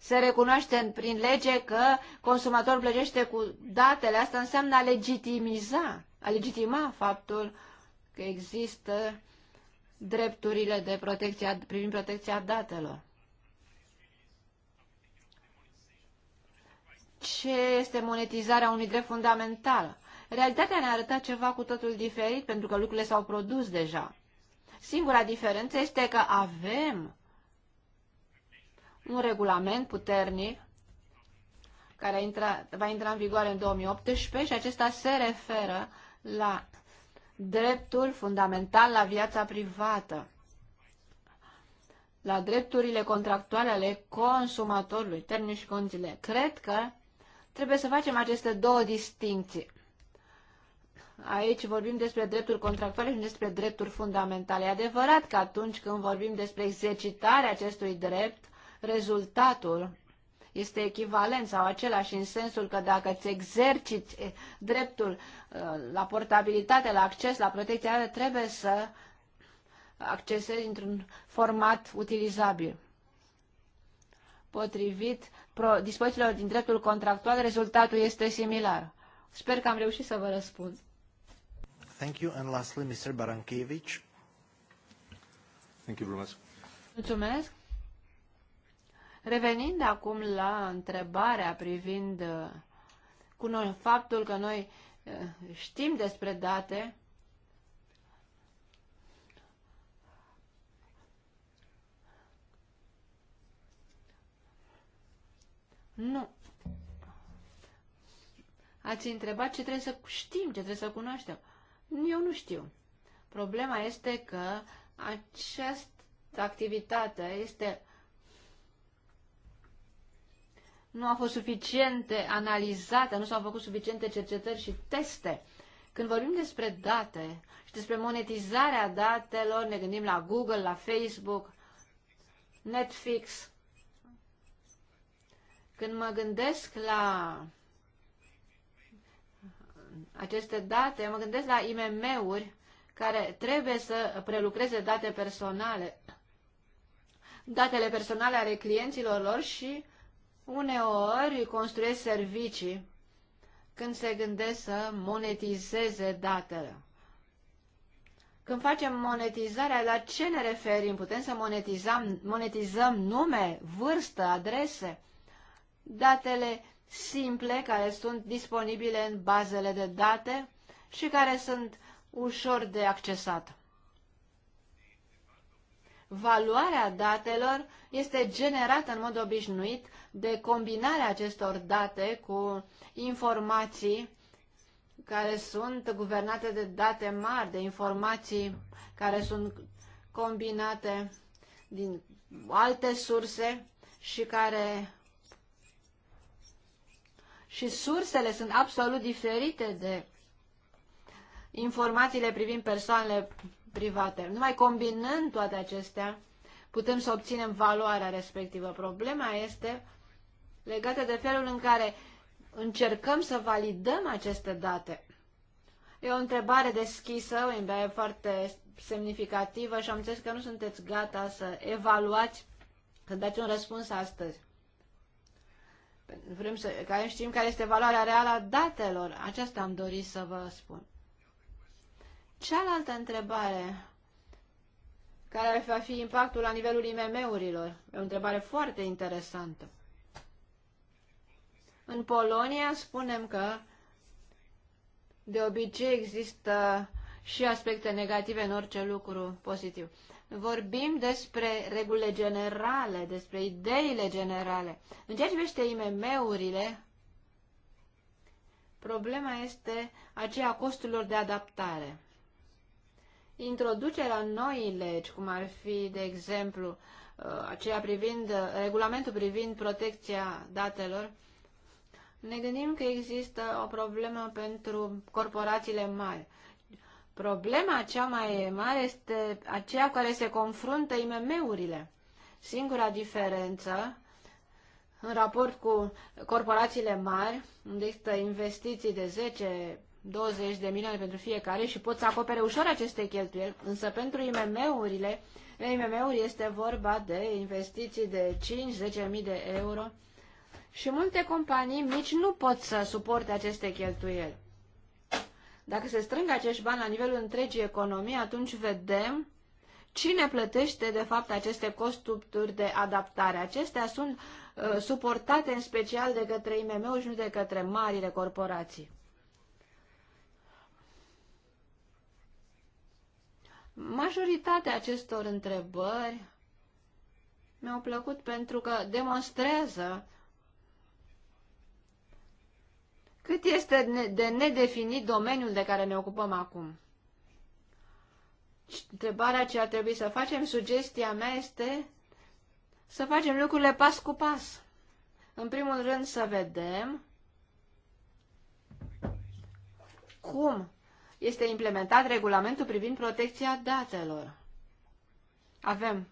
se recunoaște prin lege că consumatorul plătește cu datele. Asta înseamnă a legitimiza, a legitima faptul că există drepturile de protecție, privind protecția datelor. Ce este monetizarea unui drept fundamental? Realitatea ne-a arătat ceva cu totul diferit, pentru că lucrurile s-au produs deja. Singura diferență este că avem un regulament puternic care va intra în vigoare în 2018 și acesta se referă la dreptul fundamental la viața privată, la drepturile contractuale ale consumatorului, termenii și condițiile. Cred că trebuie să facem aceste două distincții. Aici vorbim despre drepturi contractuale și despre drepturi fundamentale. E adevărat că atunci când vorbim despre exercitarea acestui drept, rezultatul este echivalent sau același în sensul că dacă îți exerciți eh, dreptul eh, la portabilitate, la acces, la protecție, trebuie să accesezi într-un format utilizabil. Potrivit dispozițiilor din dreptul contractual, rezultatul este similar. Sper că am reușit să vă răspund. Thank you. And lastly, Mr. Barankevich. Thank you very much. Mulțumesc. Revenind acum la întrebarea privind uh, cu noi, faptul că noi uh, știm despre date, Nu. Ați întrebat ce trebuie să știm, ce trebuie să cunoaștem. Eu nu știu. Problema este că această activitate este nu a fost suficiente analizată, nu s-au făcut suficiente cercetări și teste. Când vorbim despre date și despre monetizarea datelor, ne gândim la Google, la Facebook, Netflix. Când mă gândesc la aceste date, mă gândesc la IMM-uri care trebuie să prelucreze date personale, datele personale ale clienților lor și uneori construiesc servicii când se gândesc să monetizeze datele. Când facem monetizarea, la ce ne referim? Putem să monetizăm, monetizăm nume, vârstă, adrese? Datele simple care sunt disponibile în bazele de date și care sunt ușor de accesat. Valoarea datelor este generată în mod obișnuit de combinarea acestor date cu informații care sunt guvernate de date mari, de informații care sunt combinate din alte surse și care și sursele sunt absolut diferite de informațiile privind persoanele private. Numai combinând toate acestea, putem să obținem valoarea respectivă. Problema este legată de felul în care încercăm să validăm aceste date. E o întrebare deschisă, o e foarte semnificativă și am înțeles că nu sunteți gata să evaluați, să dați un răspuns astăzi vrem să, ca știm care este valoarea reală a datelor. Aceasta am dorit să vă spun. Cealaltă întrebare, care va fi impactul la nivelul IMM-urilor? E o întrebare foarte interesantă. În Polonia spunem că de obicei există și aspecte negative în orice lucru pozitiv vorbim despre regulile generale, despre ideile generale. În ceea ce privește IMM-urile, problema este aceea costurilor de adaptare. Introducerea noii legi, cum ar fi, de exemplu, uh, aceea privind, uh, regulamentul privind protecția datelor, ne gândim că există o problemă pentru corporațiile mari. Problema cea mai mare este aceea care se confruntă IMM-urile. Singura diferență în raport cu corporațiile mari, unde există investiții de 10 20 de milioane pentru fiecare și pot să acopere ușor aceste cheltuieli, însă pentru IMM-urile, IMM-uri este vorba de investiții de 5-10 mii de euro și multe companii mici nu pot să suporte aceste cheltuieli. Dacă se strâng acești bani la nivelul întregii economii, atunci vedem cine plătește, de fapt, aceste costuri de adaptare. Acestea sunt uh, suportate în special de către IMM-uri și nu de către marile corporații. Majoritatea acestor întrebări mi-au plăcut pentru că demonstrează cât este de nedefinit domeniul de care ne ocupăm acum. Întrebarea ce ar trebui să facem, sugestia mea este să facem lucrurile pas cu pas. În primul rând să vedem cum este implementat regulamentul privind protecția datelor. Avem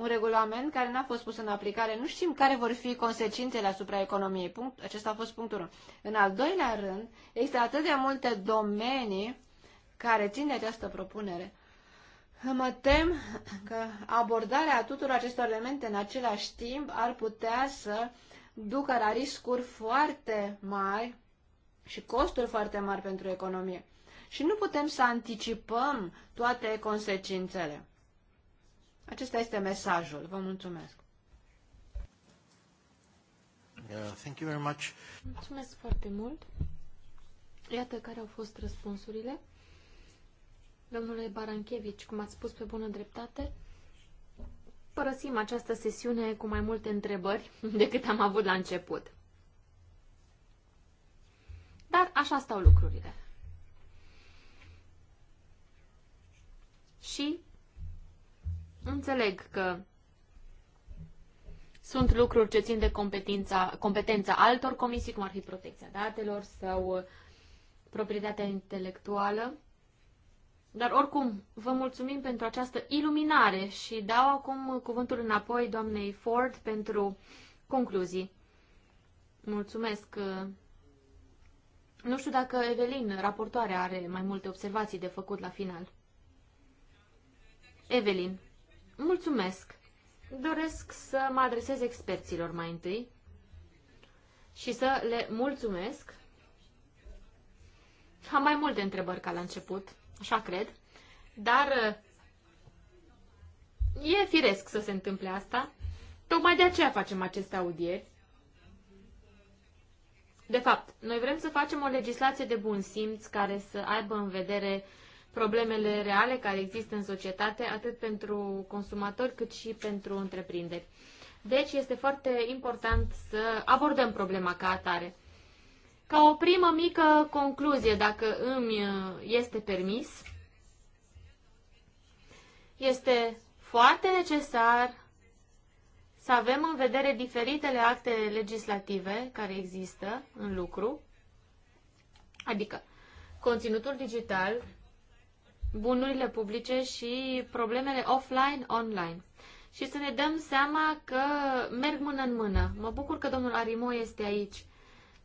un regulament care n-a fost pus în aplicare. Nu știm care vor fi consecințele asupra economiei. Punct, acesta a fost punctul 1. În al doilea rând, există atât de multe domenii care țin de această propunere. Mă tem că abordarea tuturor acestor elemente în același timp ar putea să ducă la riscuri foarte mari și costuri foarte mari pentru economie. Și nu putem să anticipăm toate consecințele. Acesta este mesajul. Vă mulțumesc. Yeah, thank you very much. Mulțumesc foarte mult. Iată care au fost răspunsurile. Domnule Baranchevici, cum ați spus pe bună dreptate, părăsim această sesiune cu mai multe întrebări *laughs* decât am avut la început. Dar așa stau lucrurile. Și Înțeleg că sunt lucruri ce țin de competența, competența altor comisii, cum ar fi protecția datelor sau uh, proprietatea intelectuală. Dar oricum, vă mulțumim pentru această iluminare și dau acum cuvântul înapoi doamnei Ford pentru concluzii. Mulțumesc. Nu știu dacă Evelin, raportoarea, are mai multe observații de făcut la final. Evelin. Mulțumesc! Doresc să mă adresez experților mai întâi și să le mulțumesc. Am mai multe întrebări ca la început, așa cred, dar uh, e firesc să se întâmple asta. Tocmai de aceea facem aceste audieri. De fapt, noi vrem să facem o legislație de bun simț care să aibă în vedere uh, problemele reale care există în societate, atât pentru consumatori cât și pentru întreprinderi. Deci este foarte important să abordăm problema ca atare. Ca o primă mică concluzie, dacă îmi uh, este permis, este foarte necesar să avem în vedere diferitele acte legislative care există în lucru, adică conținutul digital, bunurile publice și problemele offline-online. Și să ne dăm seama că merg mână în mână. Mă bucur că domnul Arimo este aici.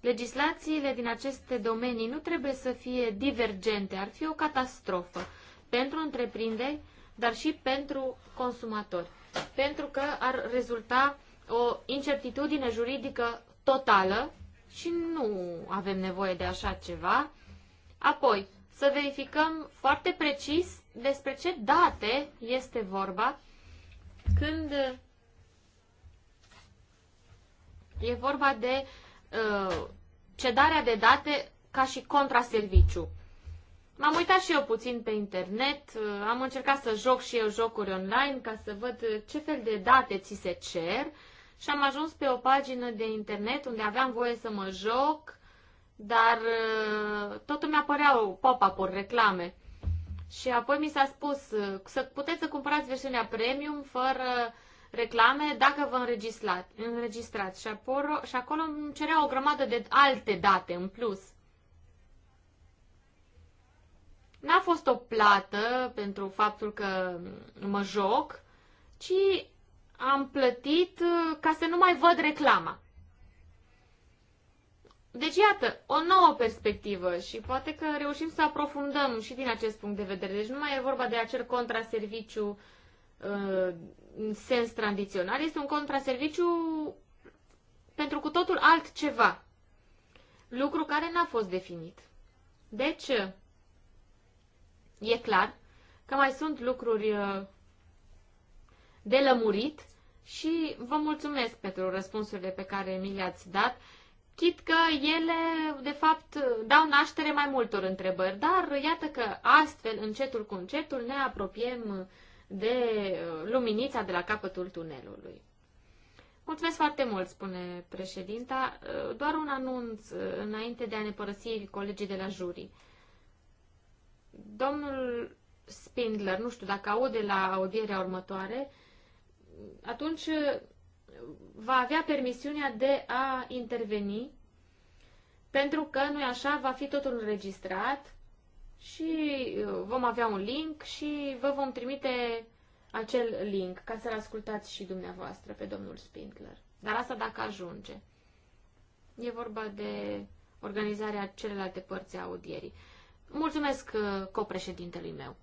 Legislațiile din aceste domenii nu trebuie să fie divergente, ar fi o catastrofă pentru întreprinderi, dar și pentru consumatori, pentru că ar rezulta o incertitudine juridică totală și nu avem nevoie de așa ceva. Apoi, să verificăm foarte precis despre ce date este vorba când e vorba de uh, cedarea de date ca și contraserviciu. M-am uitat și eu puțin pe internet, uh, am încercat să joc și eu jocuri online ca să văd ce fel de date ți se cer și am ajuns pe o pagină de internet unde aveam voie să mă joc dar uh, tot îmi apăreau pop-up-uri, reclame. Și apoi mi s-a spus uh, să puteți să cumpărați versiunea premium fără reclame dacă vă înregistrați. Și, și acolo îmi cerea o grămadă de alte date în plus. N-a fost o plată pentru faptul că mă joc, ci am plătit uh, ca să nu mai văd reclama. Deci, iată, o nouă perspectivă și poate că reușim să aprofundăm și din acest punct de vedere. Deci nu mai e vorba de acel contraserviciu uh, în sens tradițional, este un contraserviciu pentru cu totul altceva. Lucru care n-a fost definit. Deci, e clar că mai sunt lucruri uh, de lămurit și vă mulțumesc pentru răspunsurile pe care mi le-ați dat. Chit că ele, de fapt, dau naștere mai multor întrebări, dar iată că astfel, încetul cu încetul, ne apropiem de uh, luminița de la capătul tunelului. Mulțumesc foarte mult, spune președinta. Uh, doar un anunț uh, înainte de a ne părăsi colegii de la jurii. Domnul Spindler, nu știu dacă aude la audierea următoare, atunci va avea permisiunea de a interveni, pentru că nu așa, va fi totul înregistrat și uh, vom avea un link și vă vom trimite acel link ca să-l ascultați și dumneavoastră pe domnul Spindler. Dar asta dacă ajunge. E vorba de organizarea celelalte părți a audierii. Mulțumesc uh, copreședintelui meu.